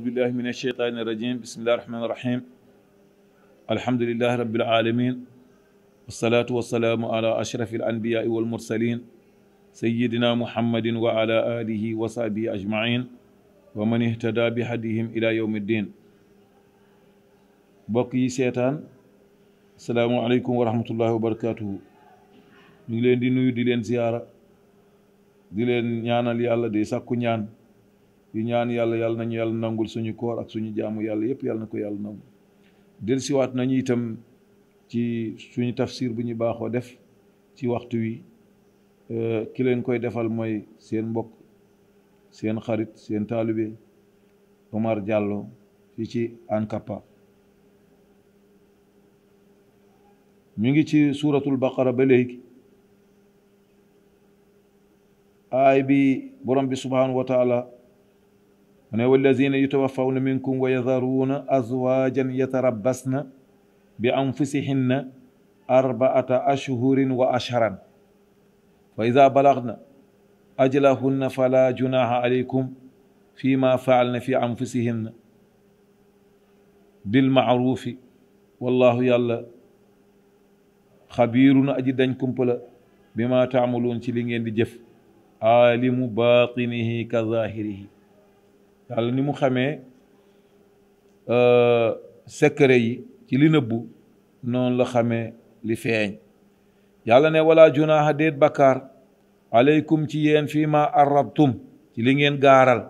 أعوذ بالله من الشيطان الرجيم بسم الله الرحمن الرحيم الحمد لله رب العالمين والصلاة والسلام على أشرف الأنبياء والمرسلين سيدنا محمد وعلى آله وصحبه أجمعين ومن اهتدى بهديهم إلى يوم الدين بقي yi السلام عليكم ورحمة الله وبركاته barakaatuhu ñu ngi leen di nuyu di leen ziyaara di leen ñaanal yàlla yu ñaan yàlla yàlla nañu yàlla nangul suñu koor ak suñu jaamu yàlla yépp yàlla na ko yàlla nangul delsiwaat nañu itam ci suñu tafsir bu ñu baaxoo def ci waxtu wi ki leen koy defal mooy seen mbokk seen xarit seen taalibe Omar jàlloo fii ci Ankapa ñu ngi ci suuratul baqara ba léegi aay bi borom bi subhanahu wa والذين يتوفون منكم ويذرون أزواجا يتربصن بأنفسهن أربعة أشهر وأشهرا فإذا بلغن أجلهن فلا جناح عليكم فيما فعلن في أنفسهن بالمعروف والله يلا خبير أجي دنجكم بلا بما تعملون تلين دي جف عالم باطنه كظاهره yàlla ni mu xamee euh, secret yi ci li nëbbu noonu la xamee li feeñ yàlla ne wala junaaha déet bakkaar aleykum ci yéen fii ma arrabtum ci li ngeen gaaral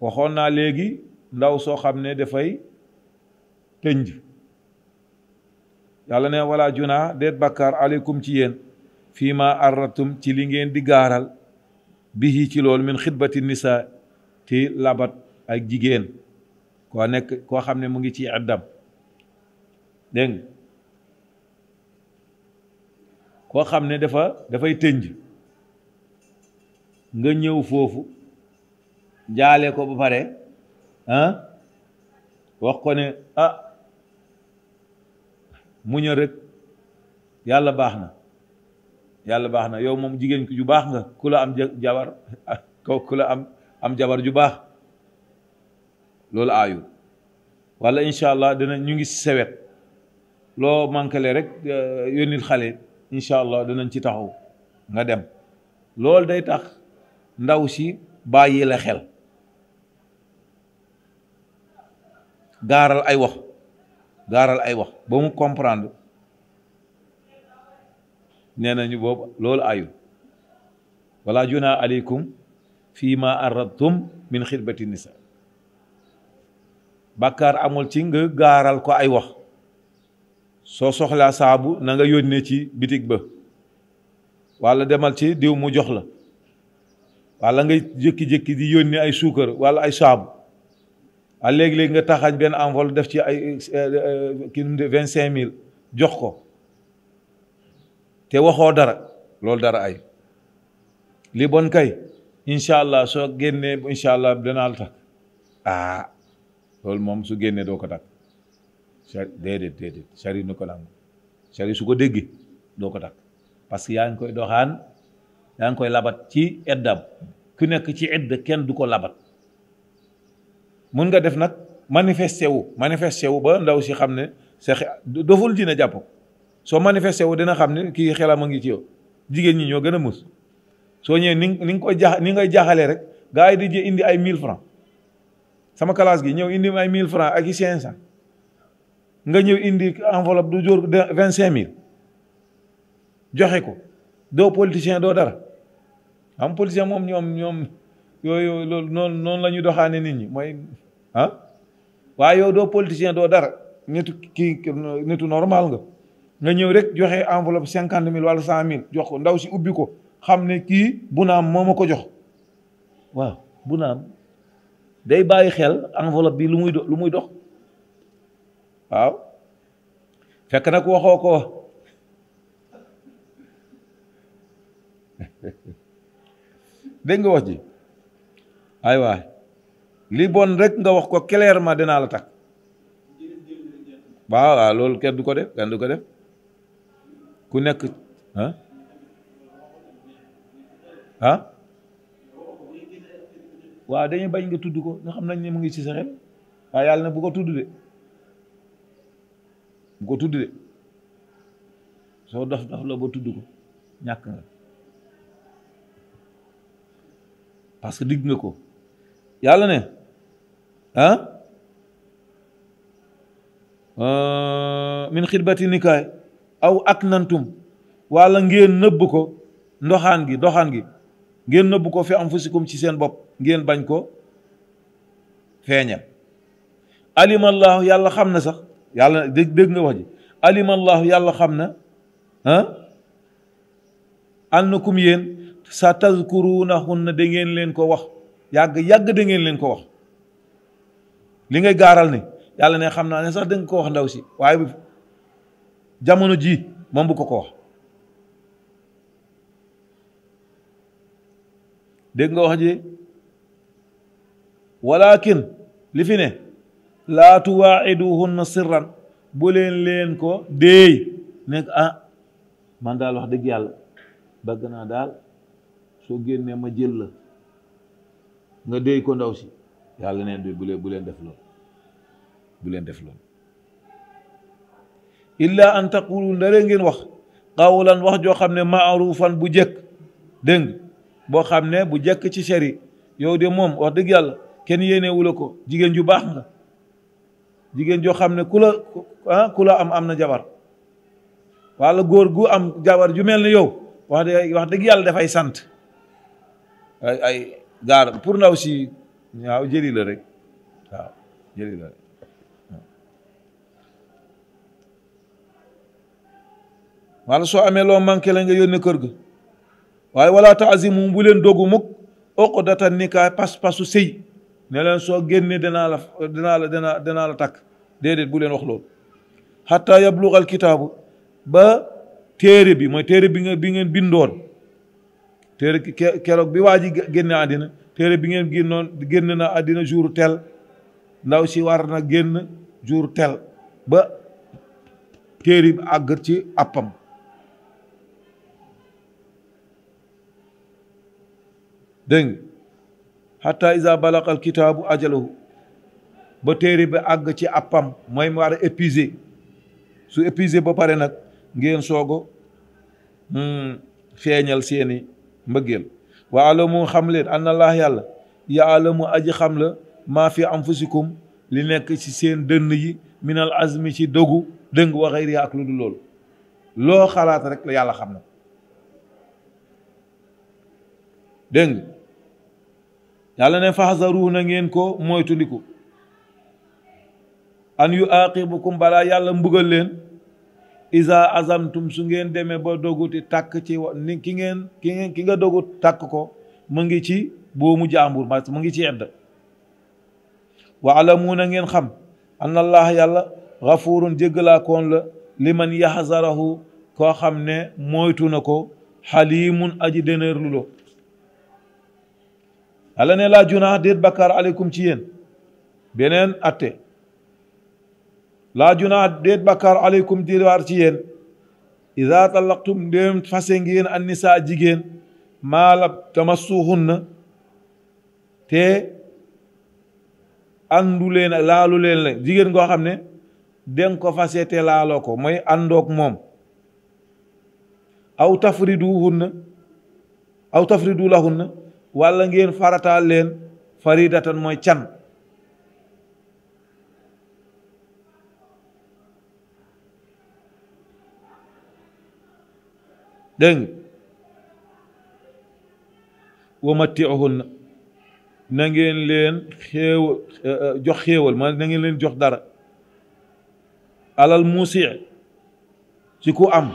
waxoon naa léegi ndaw soo xam ne dafay tënj yàlla ne wala junaaha déet bakkaar aleykum ci yéen fii ma arrabtum ci li ngeen di gaaral bihi ci loolu min xitbati nisaa ci labat ak jigéen koo nekk koo xam ne mu ngi ci addam dégg koo xam ne dafa dafay tënj nga ñëw foofu jaale ko ba pare ah wax ko ne ah muña rek yàlla baax na yàlla baax na yow moom jigéen ju baax nga ku la am jabar ko ku la am am jabar ju bax ayu, ayu wala inshallah dana ñu ngi sewet lo mankalé rek eh, yonil xalé inshallah allah ci taxaw nga dem loolu day tax ndaw si bayyi la xel garal ay wax garal ay wax ba mu comprendre nee ñu bob ayu wala juna fii ma aradtum min xitbati nisa bàkkaar amul ci nga gaaral ko ay wax soo soxlaa saabu na nga yónnee ci bitig ba walla demal ci diw mu jox la walla nga jékki-jékki di yónnee ay suukar walla ay saabu a léegi-léegi nga taxañ benn envol def ci ay ki vingt cinq mille jox ko te waxoo dara loolu dara ay li bon kay incha allah soo génnee incha allah danaa la takk ah loolu moom su génnee doo ko takk sari déedéet déedéet sari ko nangu sari su ko déggee doo ko takk parce que yaa ngi koy doxaan yaa ngi koy labat ci eddam ku nekk ci edd kenn du ko labat mun nga def nag manifesté wu manifesté wu ba ndaw si xam ne sa doful dina jàpp soo manifesté wu dina xam ne kii xelam a ngi ci yow jigéen ñi ñoo gën a mus soo ñëwee ni ni nga koy jaax ni ngay jaaxalee rek gaa yi di jë indi ay 1000 francs sama classe gi ñëw indi ay 1000 francs ak i 500 nga ñëw indi enveloppe du de vingt cinq mille joxe ko doo politicien doo dara am moom ñoom ñoom yooyu loolu noonu noonu la ñu doxaane nit ñi mooy ah waaye yow doo politicien doo dara nitu kii nitu normal nga nga ñëw rek joxe enveloppe cinquante mille wala cent mille jox ko ndaw si ubbi ko xam ne kii bunaam moo ma ko jox waaw bunaam day bàyyi xel enveloppe bi lu muy dox muy dox waaw fekk nag waxoo ko dégg nga wax ji ay waa li bon rek nga wax ko clairement dinaa la takk waaw waaw loolu kenn du ko def kenn du ko def ku nekk ah? ah waaw dañuy bañ nga tudd ko nga xam nañ ni mu ngi si sa xel yàlla na bu ko tudd de bu ko tudd de soo dof dof la ba tudd ko ñàkk nga parce que digg nga ko yàlla ne ah min xidbati nikaay aw ak nantum wala ngeen nëbb ko ndoxaan gi doxaan gi ngeen nëbb ko fi anfusikum ci seen bopp ngeen bañ ko feeñal allah yàlla xam na sax yàlla deg nga wax ji allah yàlla xam na ah annakum yen sa tazkurunahunna da ngeen leen ko wax yag yag de ngeen leen ko wax li ngay garal ni yàlla ne xam ne sax de nga ko wax ndaw si jamono ji mom bu ko ko wax dégg nga wax ji walakin li fi ne laa tuwaaciduhunna sirran bu leen leen ko déey nekk ah man daal wax dëgg yàlla bëgg naa daal soo génnee ma jël la nga déey ko ndaw si yàlla neen bi bu leen def loolu bu leen def loolu illa an taqulu ndare ngeen wax qawlan wax joo xam ne maarufan bu jëkk dégg boo xam ne bu jekk ci seri yow de moom wax dëgg yàlla kenn yéenewu la ko jigéen ju baax nga jigéen joo xam ne ku la ah, am am na jabar walla góor gu am jabar ju mel ne yow wax dëgg wax dëgg yàlla dafay sant ay ay gaar pour ndaw si waaw jëli la rek waaw jëli la rek soo amee loo manqué la nga yónnee kër ga waaye wala taazimu bu leen dogu mukk oqdata nikaa pas-pasu sëy ne soo génnee danaa la danaa la danaa danaa la takk déedéet bu leen wax loolu xataa yabluga kitaabu ba téere bi mooy téere bi nga bi ngeen bindoon téere keroog bi waa ji téere bi ngeen génnoon génn na àddina jour tel ndaw si war na génn jour tel ba téere bi àgg ci àppam dégg nga xataa isa balaqal kitaabu ajalahu ba téere bi àgg ci appam mooy mu war a épuisé su épuisé ba pare nag ngeen soogo hmm, feeñal seeni mbëggeel wa mu xam leen an allah yàlla ya mu aji xam la maa fi am anfusikum li nekk ci seen dënn yi minal azmi ci dogu dëng wa xayri ak lu du lool loo xalaat rek yàlla xam na dégg yàlla ne faxasaru na ngeen ko moytundiku an yu aqibukum balaa yàlla mbugal leen isa azamtum su ngeen demee ba doguti takk ci ni ki ngeen ki nga dogu takk ko mu ngi ci boomu jaambur ma mu ngi ci yedd wa alamu na ngeen xam anna allah yàlla xafurun jéggalaakoon la liman yaxsarahu koo xam ne moytu na ko xalimun aji deneerlu lo yàlla ne laa junaax déet bakkaar aleykum ci yéen beneen atte laa junaax déet bakkaar aleykum di waar ci yéen ida talaqtum ndéem fase ngeen an nisaa jigéen maalab tamassuhunna te àndu leen laalu leen la jigéen goo xam ne den ko fase te laaloo ko mooy àndoog moom aw tafriduhunna aw tafridu lahunna walla ngeen farataal leen faridatan mooy can dégg wa matti'uhunna na ngeen leen xéew eh, jox xéewal ma na leen jox dara alal muusi ci ku am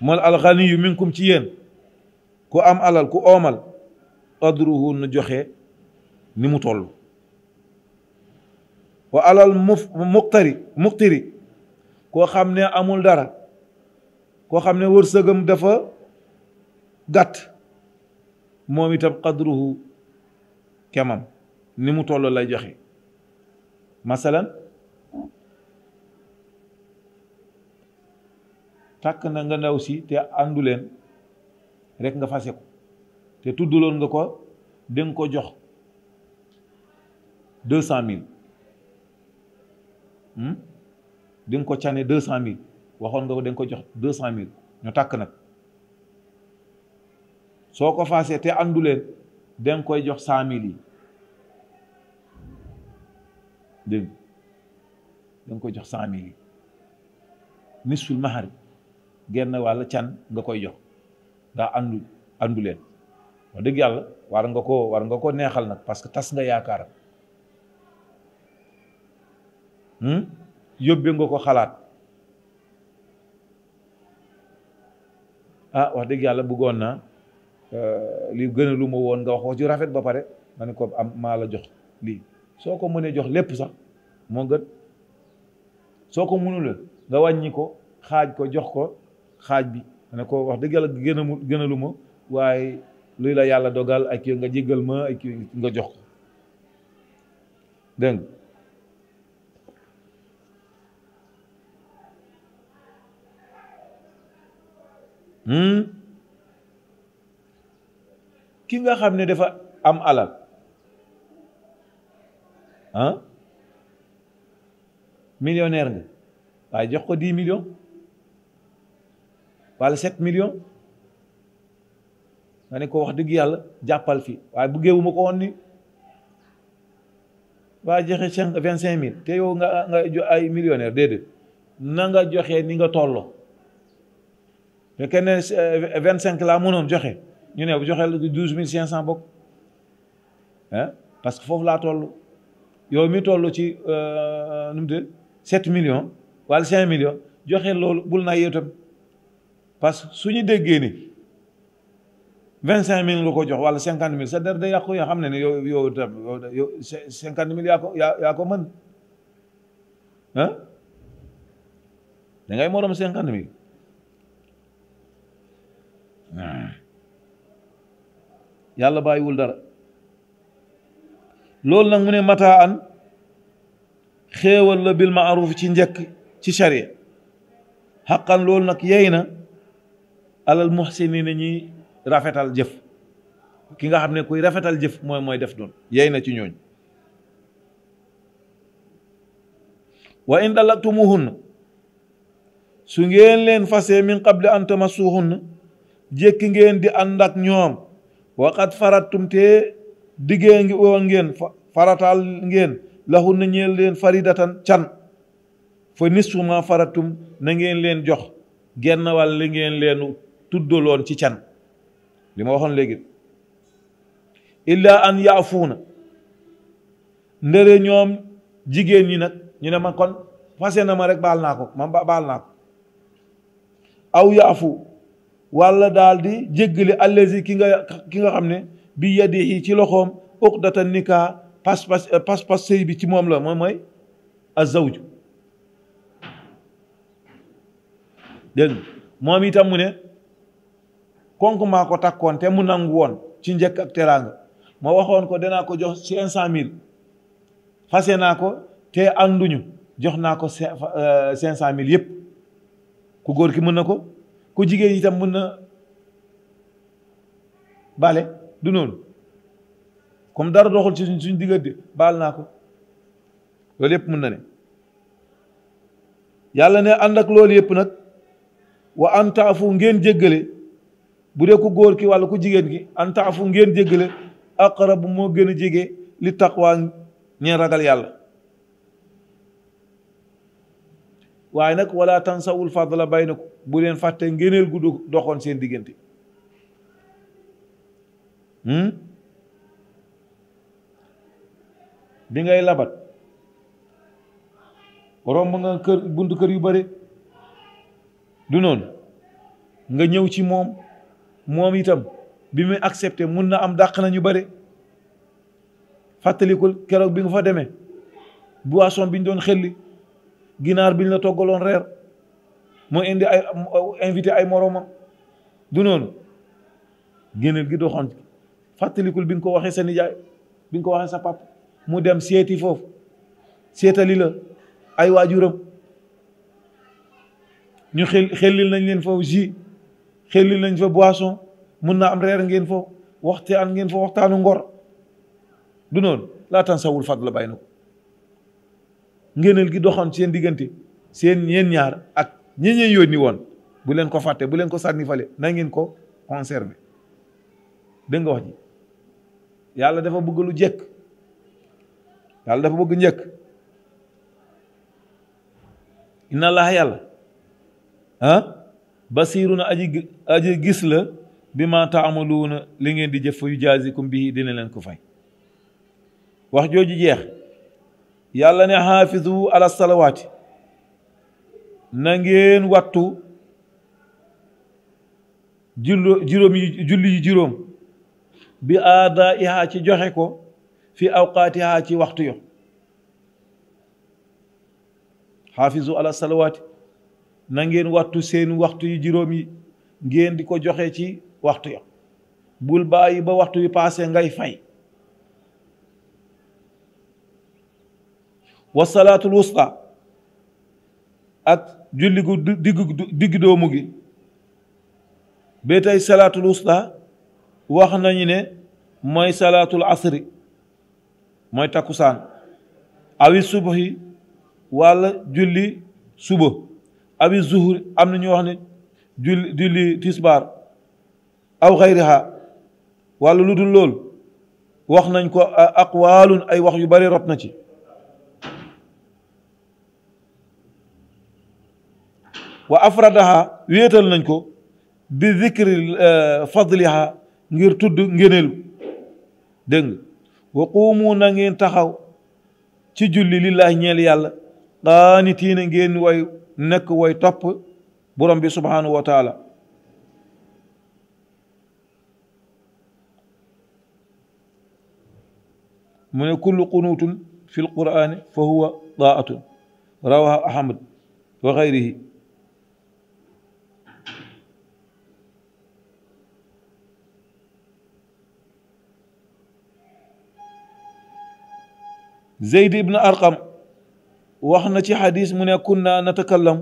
mal alxaniyu minkum ci yéen ku am alal ku omal qadruhu na joxe ni mu wa alal muqtari muqtiri koo xam amul dara koo xam dafa gat, moom itam qadruhu kemam ni mu toll lay joxe masalan tàkk na nga ndaw si te àndu rek nga ko te tuddaloon nga ko da nga ko jox deux cent mille hmm? di nga ko cane deux cent mille waxoon nga ko da ko jox deux cent mille ñu takk nag soo ko fasee te ànduleen da nga koy jox cent mille yi dégg da nga koy jox cent mille yi nisful mahari genn wàll can nga koy jox daa àndu leen wax dëgg yàlla war nga ko war nga ko neexal nag parce que tas nga yaakaaram hmm? yóbbe nga ko xalaat ah wax dëgg yàlla bëggoon naa euh, li gën a woon nga wax wax ju rafet ba pare ma ne ko am maa la jox lii soo ko mënee jox lépp sax moo gën soo ko mënula nga wàññi ko xaaj ko jox ko xaaj bi ma ne ko wax dëgg yàlla gën waaye luy la yàlla dogal ak yow nga jégal ma ak yow nga jox ko dégg hmm? ki nga xam ne dafa am alal ah millionnaire nga waaye jox ko dix millions wala sept million nga ne ko wax dëgg yàlla jàppal fi waaye bu géewuma ko woon ni waa joxe cinq vingt cinq mille te yow nga nga ay millionnaire déedéet na joxe ni nga tolloo fekkee ne eh, vingt cinq laa mënoon joxe ñu ne bu joxe la douze mille cinq cent bokk parce que foofu laa toll yow mi toll ci euh, nu mu million wal millions wala cinq millions joxe loolu bul naa yow parce que su ñu déggee ni vingt cinq mille nga ko jox wala cinquante mille sa der yàqu yoo xam ne ne yow yow ah. bàyyiwul dara loolu nag mu ne mataa an xéewal la bil maaruf ci njëkk ci sharia xaqan loolu nag yey na alal muhsinin ñi rafetal jëf ki nga xam ne kuy rafetal jëf mooy mooy def doon yey na ci ñooñ wa in dalaktumuhunna su ngeen leen fase min qabli an tamassuhunna jékki ngeen di ànd ak ñoom waqat faratum te diggée ngi woon ngeen farataal ngeen lahunna ñeel leen faridatan can fa nisfu ma farattum na ngeen leen jox genn wàll li ngeen leen tuddaloon ci can li ma waxoon léegi illa an yaafuuna ndëre ñoom jigéen ñi nag ñu ne ma kon fase na ma rek baal naa ko ma baal naa ko aw yaafu walla daal di jéggale allazi ki nga xam ne bi yadihi ci loxoom uqdata nikaa pas pas pas pas sëy bi ci moom la moom mooy azawju dégg moom itam mu ne ponk maa ko takkoon te mu nangu woon ci njëkk ak teraanga ma waxoon ko danaa ko jox cinq cent mille fase naa ko te ànduñu jox naa ko cinq euh, cent mille yëpp ku góor ki mën na ko ku jigéen itam mën na bale du noonu comme dara doxul ci suñ diggante baal naa ko loolu yëpp mën na ne yàlla ne ànd ak loolu yëpp nag wa an taafu ngeen jéggale bu ku góor ki wala ku jigen ki anta afu ngeen jéggale aqrab mo gën li taqwa ragal yalla nak wala tansawul fadla bainakum bu fatte ngeenel gudu doxon sen digenti hmm bi ngay labat rom nga keur buntu keur yu bari du non nga ñew ci mom moom itam bi muy accepté mun na am dàq na ñu bare fàttalikul keroog bi nga fa demee boisson bi ñu doon xelli ginaar bi ñu la toggaloon reer moo indi ay invité ay moromam du noonu génneel gi doxoon fàttalikul bi nga ko waxee sa nijaay bi nga ko waxee sa pap mu dem seeti foofu seetali la ay waajuram ñu xel xellil nañ leen foofu ji xelil nañ fa boisson mën na am reer ngeen fa waxtaan ngeen fa waxtaanu ngor du noonu laa sawul fadla bàyyi na ko ngeeneel gi doxoon seen diggante seen ñeen ñaar ak ñeñeen yónni woon bu leen ko fàtte bu leen ko sànni fale na ngeen ko conserver dégg nga wax ji yàlla dafa bëgg lu jekk yàlla dafa bëgg njëkk inna allah yàlla ah basiirun aji aji gis la bi ma taamaluuna li ngeen di jëf yu jaasikum bii dina leen ko fay wax jooju jeex yàlla ne xaafizu ala salawaati na ngeen wattu jullo juróom julli yi bi aada ihaa ci joxe ko fi awqaatihaa ci waxtu yo xaafizu ala salawaati na ngeen wattu seen waxtu yu juróom yi ngeen di ko joxe ci waxtu ya bul bàyyi ba waxtu yi paase ngay fay wasalaatul wusta ak julli gu diggu diggu doomu gi ba tey salaatul wusta wax nañu ne mooy salaatul asri mooy takkusaan awi subahi walla julli suba awi zuhur am na ñu wax ne julli tisbaar aw xayriha walla lu dul lool wax nañ ko aqwaalun ay wax yu bari rot na ci wa afradaha wéetal nañ ko bi zikri e, fadliha ngir tudd ngéneelu dégg wa quumu na ngeen taxaw ci julli lillahi ñeel yàlla qaanitiina ngeen way nekk way topp borom bi subhanahu wa taala من كل قنوت في القرآن فهو ضاعة رواه أحمد وغيره زيد بن أرقم واحنا في حديث من كنا نتكلم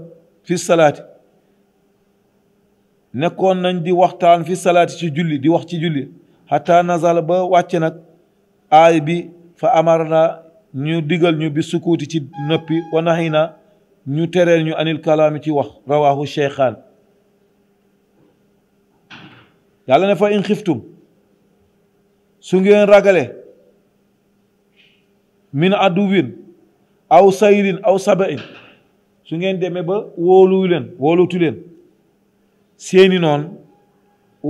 في الصلاة نكون نندي وقتان في الصلاة في جولي دي وقت جولي حتى نزال با واتنا آي بي فأمرنا نيو ديغل نيو بي سكوتي تي نوبي ونهينا نيو تيرل نيو ان الكلام تي واخ رواه الشيخان يالا نفا ان خفتم سونغي راغالي من عدوين aw sayrin aw sabain su ngeen demee ba wóoluwu leen wóolutu leen seeni noon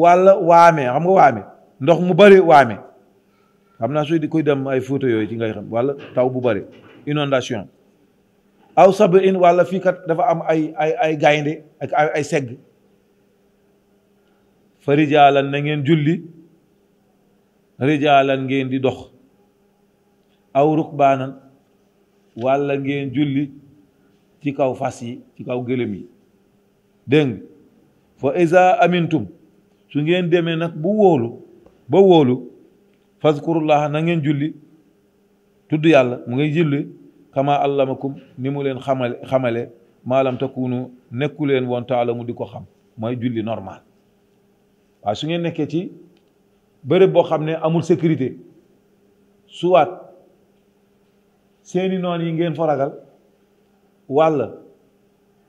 walla waame xam nga waame ndox mu bari waame xam naa di koy dem ay Fuuta yooyu ci ngay xam walla taw bu bari inondation aw sabain walla fii kat dafa am ay ay gaynde ak ay segg fa rijaalan na ngeen julli rijaalan ngeen di dox aw rukbaanan walla ngeen julli ci kaw fas yi ci kaw gëlëm yi dégg nga fa isa amintum su ngeen demee nag bu wóolu ba wóolu fazkurullaha na ngeen julli tudd yàlla mu ngay julli kama allamakum ni mu leen xamale xamale maalam takunu nekku leen woon taalamu di ko xam mooy julli normal waaw su ngeen ci bërëb boo xam ne amul sécurité suwaat seeni noon yi ngeen fa ragal walla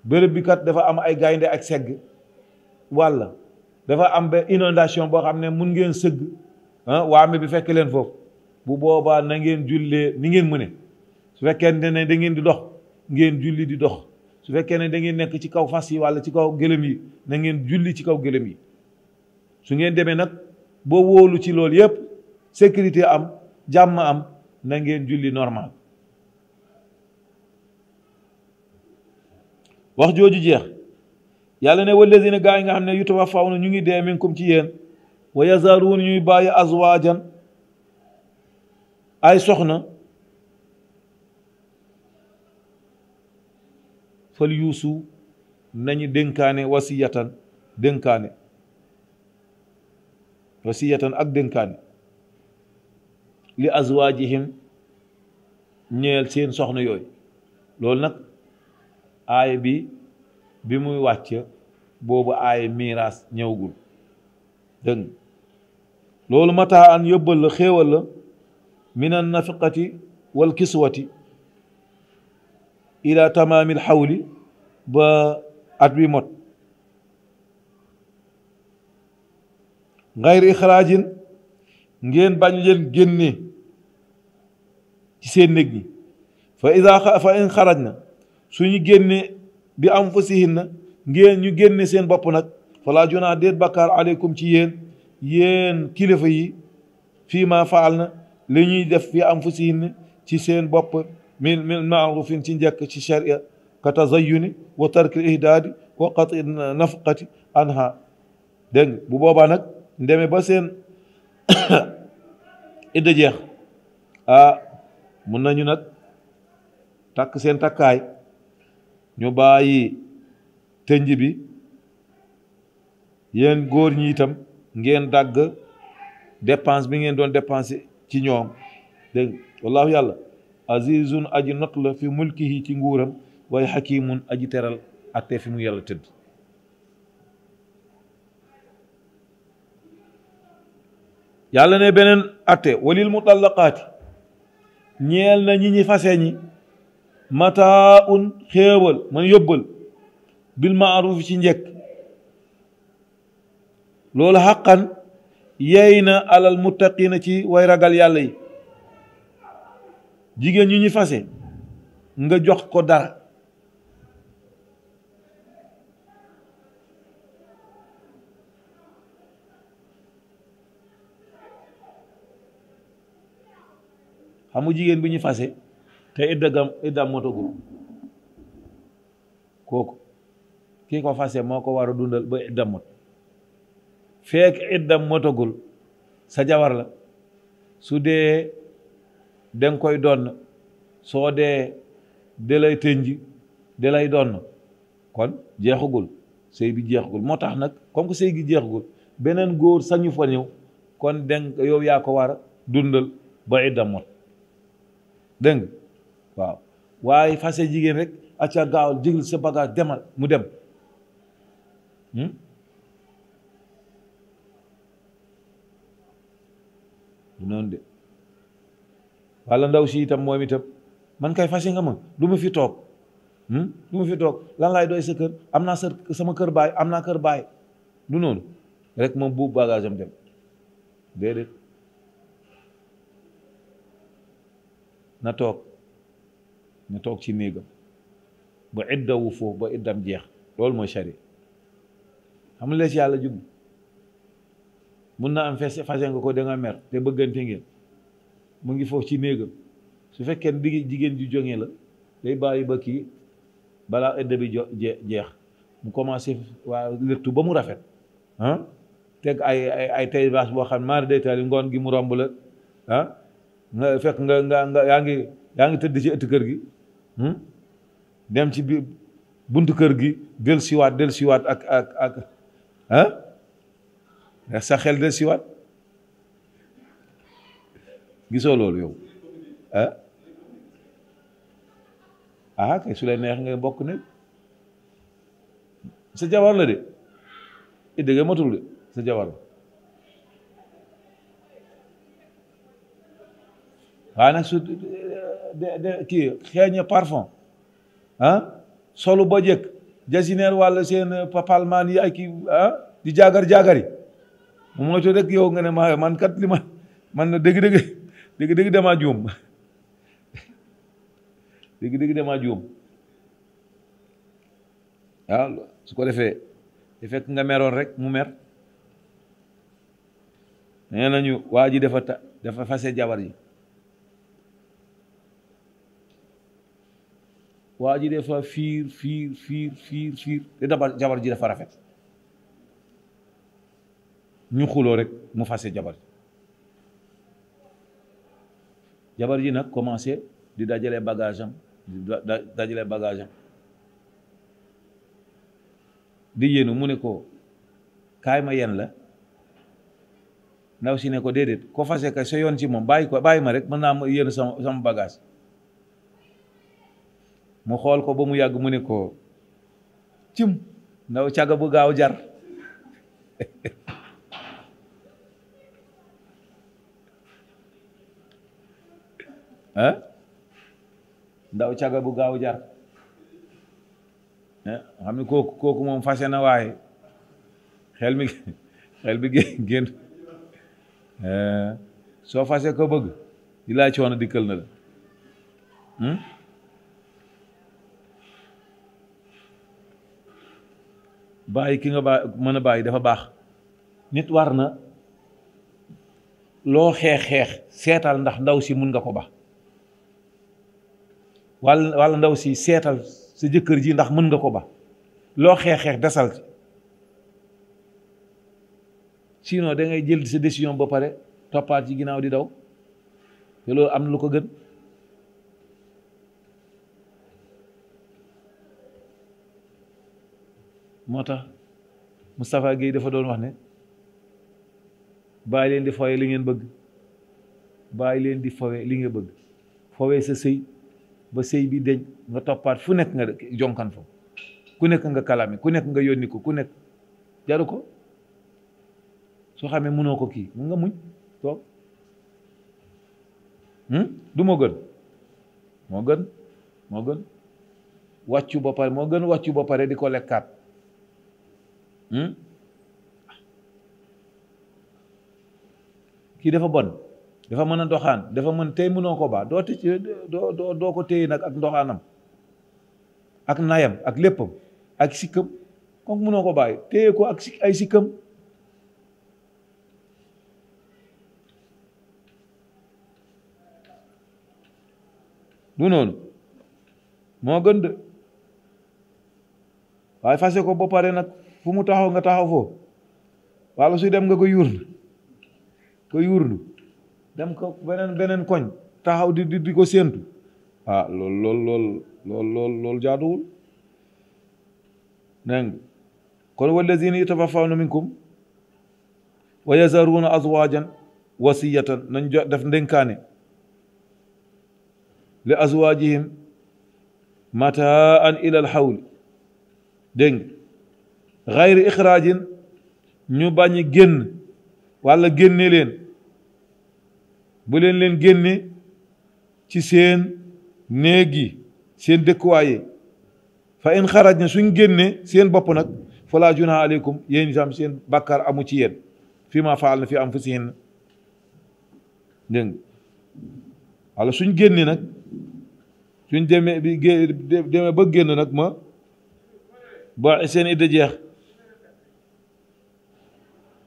bërëb bi kat dafa am ay gaynde ak segg walla dafa am ba inondation boo xam ne mun ngeen sëgg ah, waame bi fekk leen foofu bu boobaa na ngeen jullee ni ngeen mëne su fekkee ne da ngeen di dox ngeen julli di dox su fekkee ne da ngeen nekk ci kaw fas yi walla ci kaw gëlëm yi na ngeen julli ci kaw gëlëm yi su ngeen demee nag boo wóolu ci loolu yépp sécurité am jàmm am na ngeen julli normal wax jooju jeex yàlla ne wallazina gaa yi nga xam ne faw yutawaffawna ñu ngi dee minkum ci yéen wa yazaruun ñuy bàyyi azwaajan ay soxna fa fal yuusu nañu dénkaane wasiyatan dénkaane wasiyatan ak dénkaane li azwaajihim ñeel seen soxna yooyu loolu nag aaya bi bi muy wàcc boobu aaya miiraas ñëwgul dëng loolu mataa an yóbbal la xéewal la min an nafiqati wal kiswati ila tamaamil xawli ba at bi mot ngayri ixraajin ngeen bañ leen génne ci seen néeg ñi fa ida fa in xaraj na suñu génnee bi am fa na ñu génne seen bopp nag falaa junaa déet bakkaar aleykum ci yéen yéen kilifa yi fii ma faal na li ñuy def fi am fa ci seen bopp min min maarufin ci njëkk ci sharia ka tazayuni wa tarkil ihdaadi wa qati nafqati anha dégg nga bu booba nag ndeme ba seen idda jeex ah mun nañu nag takk seen takkaay ñu bàyyi tënj bi yenn góor ñi itam ngeen dàgg dépense bi ngeen doon dépensé ci ñoom dégg wallaahu yàlla azizun aji not la fi mulkihi ci nguuram waaye xakimun aji teral attee fi mu yàlla tëdd yàlla ne beneen atte walil mutallaqaati ñeel na ñi ñi fase ñi mataa un xéewal man yóbbal bil maaruf ci njëkk loolu xaqan yey na alal muttaqina ci way ragal yàlla yi jigéen yu ñu fase nga jox ko dara xamu jigéen bi ñu fase te idda gam idda motagul kooku kii ko fase moo ko war a dundal ba idda mot fekk idda motagul sa jabar la su dee danga koy donn soo dee dalay tënji dalay donn kon jeexagul sëy bi jeexagul moo tax nag comme que sëy gi jeexagul beneen góor sañu fa ñëw kon deng yow yaa ko war a dundal ba idda mot dégg waaw waaye fase jigéen rek acca gaawal jigil sa bagage demal mu dem du hmm? noonu de walla ndaw si itam moom itam man kay fase nga ma du ma fi toog hmm? du ma fi toog lan laay doy sa kër am naa sa sama kër baay am naa kër baay du noonu rek moom buub bagage am dem déedéet na toog ñu toog ci néegam ba idda wu foofu ba iddam jeex loolu mooy sharia xam nga lees yàlla jublu mun na am fes fase nga ko da nga mer te bëggante ngeen mu ngi foofu ci néegam su fekkee digg jigéen ji jógee la day bàyyi ba kii balaa idda bi jeex mu commencé waa léttu ba mu rafet ah teg ay ay ay tey baas boo xam ne maari day ngoon gi mu romb la ah fekk nga nga nga yaa ngi yaa ngi tëdd ci ëtt kër gi hmm? dem ci bi buntu kër gi del siwaat del siwaat ak ak ak ah sa xel del siwaat gisoo loolu yow ah ah kay su la neex nga bokk ne sa jabar la de it dëgg matul de sa jabar la de kii xeeñe parfum ah solo ba jek jasineer wala sen eh, papalman yi ki ah di jagar jaagari mu to rek yow nga ne ma man kat lima man deug deug deug deug dama damaa deug deug dama damaa ya su ko defé defé nga meron rek mu mer nee nañu waa defa dafa ta fase jabar yi waa ji de fois fiir fiir fiir fiir fiir te dabar jabar ji dafa rafet ñu xuloo rek mu fase jabar ji jabar ji nag commencé di dajale bagage di dajale bagage am di yéenu mu ne ko kaay ma yen la ndaw si ne ko déedéet ko fase kay sa yoon ci moom bàyyi ko bàyyi ma rek mën naa ma yéenu sama sama bagage mu xool ko ba mu yàgg mu ne ko cim ndaw caga bu gaaw jar ah ndaw caga bu gaaw jar xam ne kooku moom fase na waaye xel mi xel bi génn soo fase ko bëgg di laa coono dikkal na la bàyyi ki nga ba mën a bàyyi dafa baax nit war na loo xeex xeex seetal ndax ndaw si mun nga ko ba wal walla ndaw si seetal sa jëkkër ji ndax mën nga ko ba loo xeex xeex desal ci sinon da jël sa décision ba pare toppaat ci ginnaaw di daw te loolu am na lu ko gën moo tax Moustapha Guèye dafa doon wax ne bàyyi leen di fowe li ngeen bëgg bàyyi leen di fowe li nga sa sëy ba sëy bi deñ nga toppaat fu nekk nga jonkan fa ku nekk nga kalami ku nekk nga yónni ko ku nekk jaru ko soo xamee mënoo ko kii mun nga muñ toog hmm? du moo gën moo gën moo gën wàccu ba pare moo gën wàccu ba pare di ko lekkaat Hmm? kii dafa bon dafa mën a doxaan dafa mën tey mënoo ko baa doo tëj doo doo ko téye nag ak ndoxaanam ak nayam ak léppam ak sikkam kon mënoo ko bàyyi téye ko ak ay sikkam du moo gën de waaye fase ko ba pare nag fu mu taxaw nga taxaw foofu wala suy dem nga ko yuurlu ko yuurlu dem ko beneen beneen koñ taxaw di di ko séentu ah loolu lool loolu loolu loolu loolu jaaduwul dégg nga kon wallazina yatawaffawna minkum wa yazaruna azwajan wasiyatan nañ jo def ndénkaane li azwajihim mataan ila al xawli dégg nga xayri ixraajin ñu bañ génn walla génne leen bu leen leen génne ci seen néeg seen dëkkuwaay yi fa in xaraj na suñ génne seen bopp nag falaa junaa aleykum yéen itam seen bakkar amu ci yéen fii ma faal na fi am fu seen walla suñ génne nag suñ demee bi demee ba génn nag ma ba seen idda jeex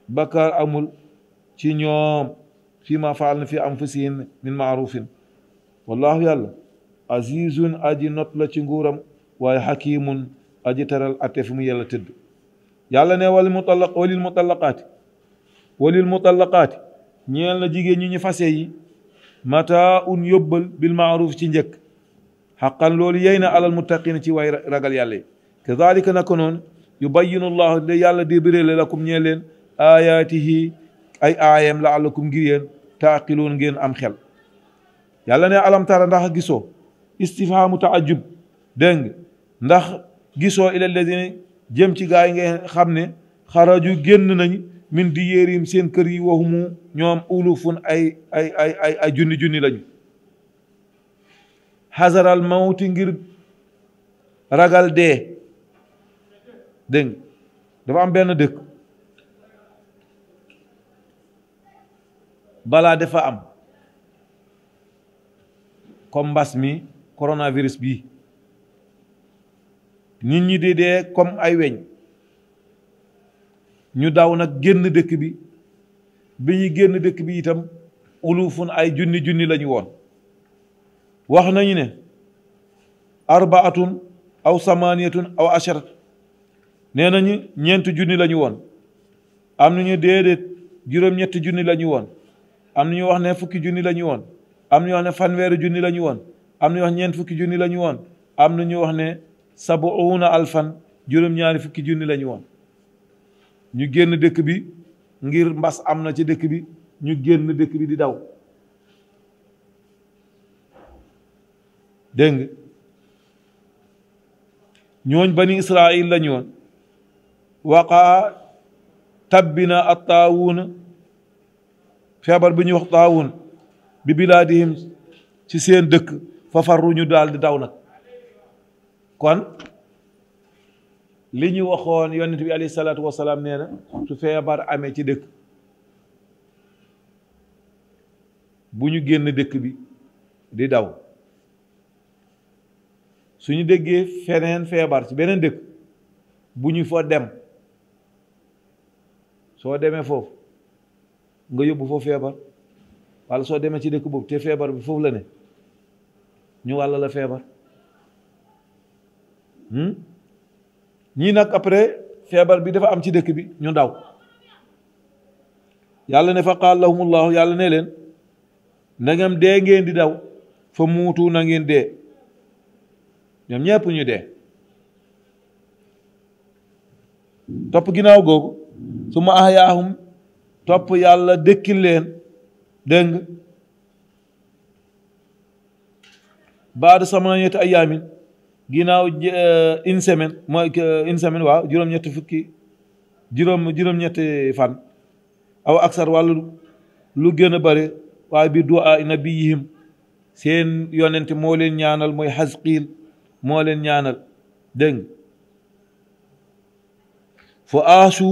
bakkaar amul ci ñoom fii ma faal na fi anfusihin min maarufin wallahu yàlla azizun aji not la ci nguuram waaye xakimun aji teral atte fi mu yàlla tëdd yàlla ne walil mutallaq walil mutallaqaati walil mutallaqaati ñeel na jigéen ñi ñu fase yi mataa un yóbbal bil maaruf ci njëkk xaqan loolu yey na alal muttaqina ci way ragal yàlla yi kadalika naka noonu yubayyinu llahu de yàlla di birale lakum ñee leen ayaatihi ay aayam la àllakum ngir yéen taaqiloon ngeen am xel yàlla ne alam tara ndax gisoo istifhaamu taajub dégg ndax gisoo ila ladina jëm ci gaa yi ngeen xam ne xaraju génn nañu min di yéerim seen kër yi waxumu ñoom ulufun ay ay ay ay ay junni junni lañu xasaral mawti ngir ragal dee dégg dafa am benn dëkk balaa dafa am comme mbas mi coronavirus bii nit ñi di dee comme ay weñ ñu daw nag génn dëkk bi bi ñuy génn dëkk bi itam ulufun ay junni junni lañu woon wax nañu ne arbaatun aw samaniyatun aw asharat nee nañu ñeent junni lañu woon am nañu déedéet juróom-ñetti junni lañu woon am na ñu wax ne fukki junni lañu woon am na ñu wax ne fanweeri junni la woon am ñeent fukki junni lañu woon am na ñu wax ne sabuuna alfan juróom-ñaari fukki junni lañu ñu woon ñu génn dëkk bi ngir mbas am na ci dëkk bi ñu génn dëkk bi di daw dégg nga ñooñ bani israil la woon waqaa tabbina attaawuuna feebar bi ñuy wax taawun bi bilaadihim ci seen dëkk fa farru ñu daal di daw nag kon li ñu waxoon yonent bi alayhi salaatu wasalaam su feebar amee ci dëkk bu ñu génn dëkk bi di daw suñu déggee feneen feebar ci beneen dëkk bu ñu fa dem soo demee foofu nga yóbbu foofu feebar wala soo demee ci dëkk boobu te feebar bi foofu la ne ñu wàll feebar hmm? ñii nag après feebar bi dafa am ci dëkk bi ñu ndaw yàlla ne fa qaal lahumullahu yàlla ne leen ndegam dee ngeen di daw fa muutu na ngeen dee ñoom ñépp ñu dee topp ginnaaw googu su ma ahyaahum topp yàlla dëkkil leen dégg nga baada samaaniyati ayaamin ginnaaw euh, une semaine mooy euh, une semaine waaw juróom-ñetti fukki juróom juróom-ñetti fan aw aksar wàllu lu gën a bëri waaye bi du'a seen yonente moo leen ñaanal mooy xasqiil moo leen ñaanal dégg fu fa aasu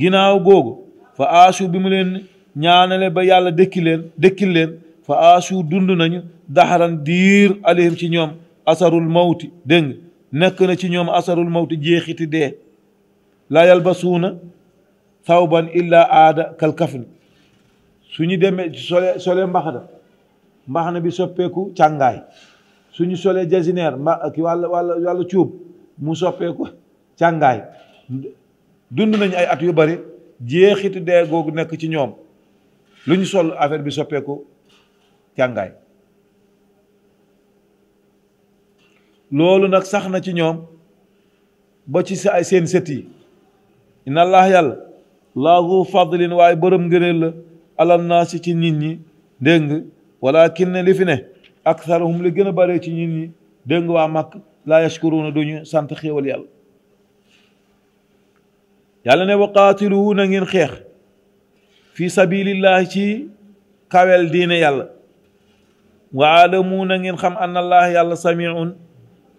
ginnaaw googu fa aasu bi mu leen ñaanale ba yàlla dëkki leen dëkkil leen fa aasu dund nañu daxaran dir alehim ci ñoom asarul mawti dégg nekk na ci ñoom asarul mawti jeexiti de laa yalbasuuna thawban illa ada kal kafni suñu demee sole sole mbaxana mbaxana bi soppeeku càngaay suñu solee jasineer mba ki wàll wàll wàllu cuub mu soppeeku càngaay dund nañu ay at yu bari jeexitu dee googu nekk ci ñoom lu ñu sol affaire bi soppeeku càngaay loolu nag sax na ci ñoom ba ci sa seen sët yi inna allah yàlla laahu fadlin waaye bërëm ngëneel la alal naa si ci nit ñi dégg nga walakin li fi ne aktharuhum li gën a bare ci nit ñi dégg nga waa màkk laa yashkuruuna duñu sant xéewal yàlla yàlla ne wa qaatiluhu na ngeen xeex fi sabilillahi ci kawel diine yàlla wa aalamu na ngeen xam an allah yàlla samiun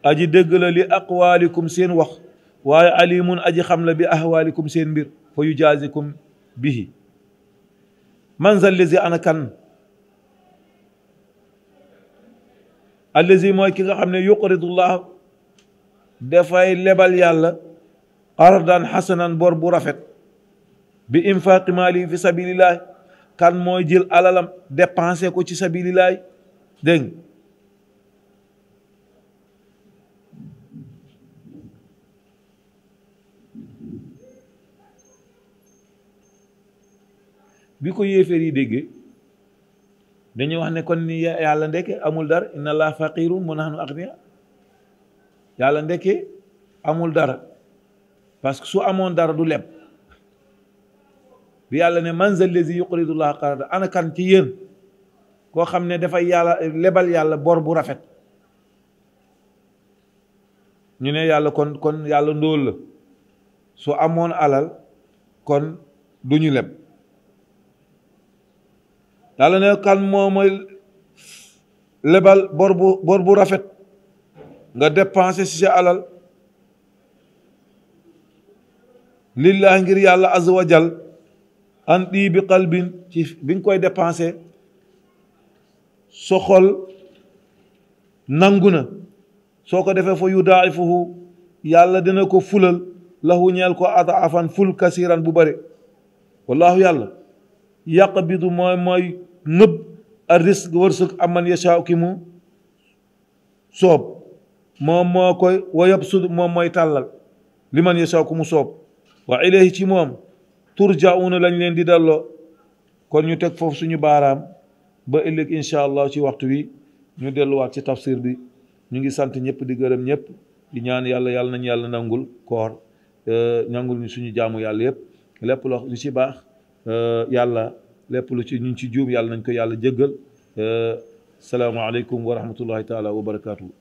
aji dégg la li aqwaalikum seen wax waaye alimun aji xam la bi ahwaalikum seen mbir fa yujaasikum bihi man za allazi ana kan allazi mooy ki nga xam ne yuqridu llah dafay lebal yàlla ardan xasanan bor bu rafet bi infaqi mali fi sabilillahi kan mooy jël alalam dépensé ko ci sabilillahi dégg bi ko yéeféer yi déggee dañuy wax ne kon ni yàlla ndekke amul dara inna laa faqirun wa nahnu aghniyaa yàlla ndekke amul dara parce que su amoon dara du leb bi yàlla ne man zal lazi yuqridu llaha qarda ana kan ci yéen koo xam ne dafay yàlla lebal yàlla bor bu rafet ñu ne yàlla kon kon yàlla ndóol la su amoon alal kon duñu leb yàlla ne kan moo mooy lebal bor bu bor bu rafet nga dépenser ci sa alal lillah ngir yàlla azza wa jal an dii bi qalbin ci bi nga koy dépensé so xol nangu na soo ko defee fa yudaa'ifuhu yàlla dina ko fulal lahu ñeel ko adaafan ful kasiran bu bare wallaahu yàlla yaqbidu mooy mooy nëb a risque wërsëg aman yashaa ki mu soob moom moo koy wa yabsud moom mooy tàllal liman yashaa ku mu soob wa ilayhi ci moom turjauna lañ leen di delloo kon ñu teg foofu suñu baaraam ba ëllëg incha allah ci waxtu wi ñu delluwaat ci tafsir bi ñu ngi sant ñëpp di gërëm ñëpp di ñaan yàlla yàlla nañ yàlla nangul koor euh, nangul ñu suñu jaamu yàlla yëpp lépp loo ñu ci baax euh, yàlla lépp lu ci ñu ci juum yàlla nañ ko yàlla jéggal euh, salaamaaleykum wa rahmatullahi taala wa barakaatu.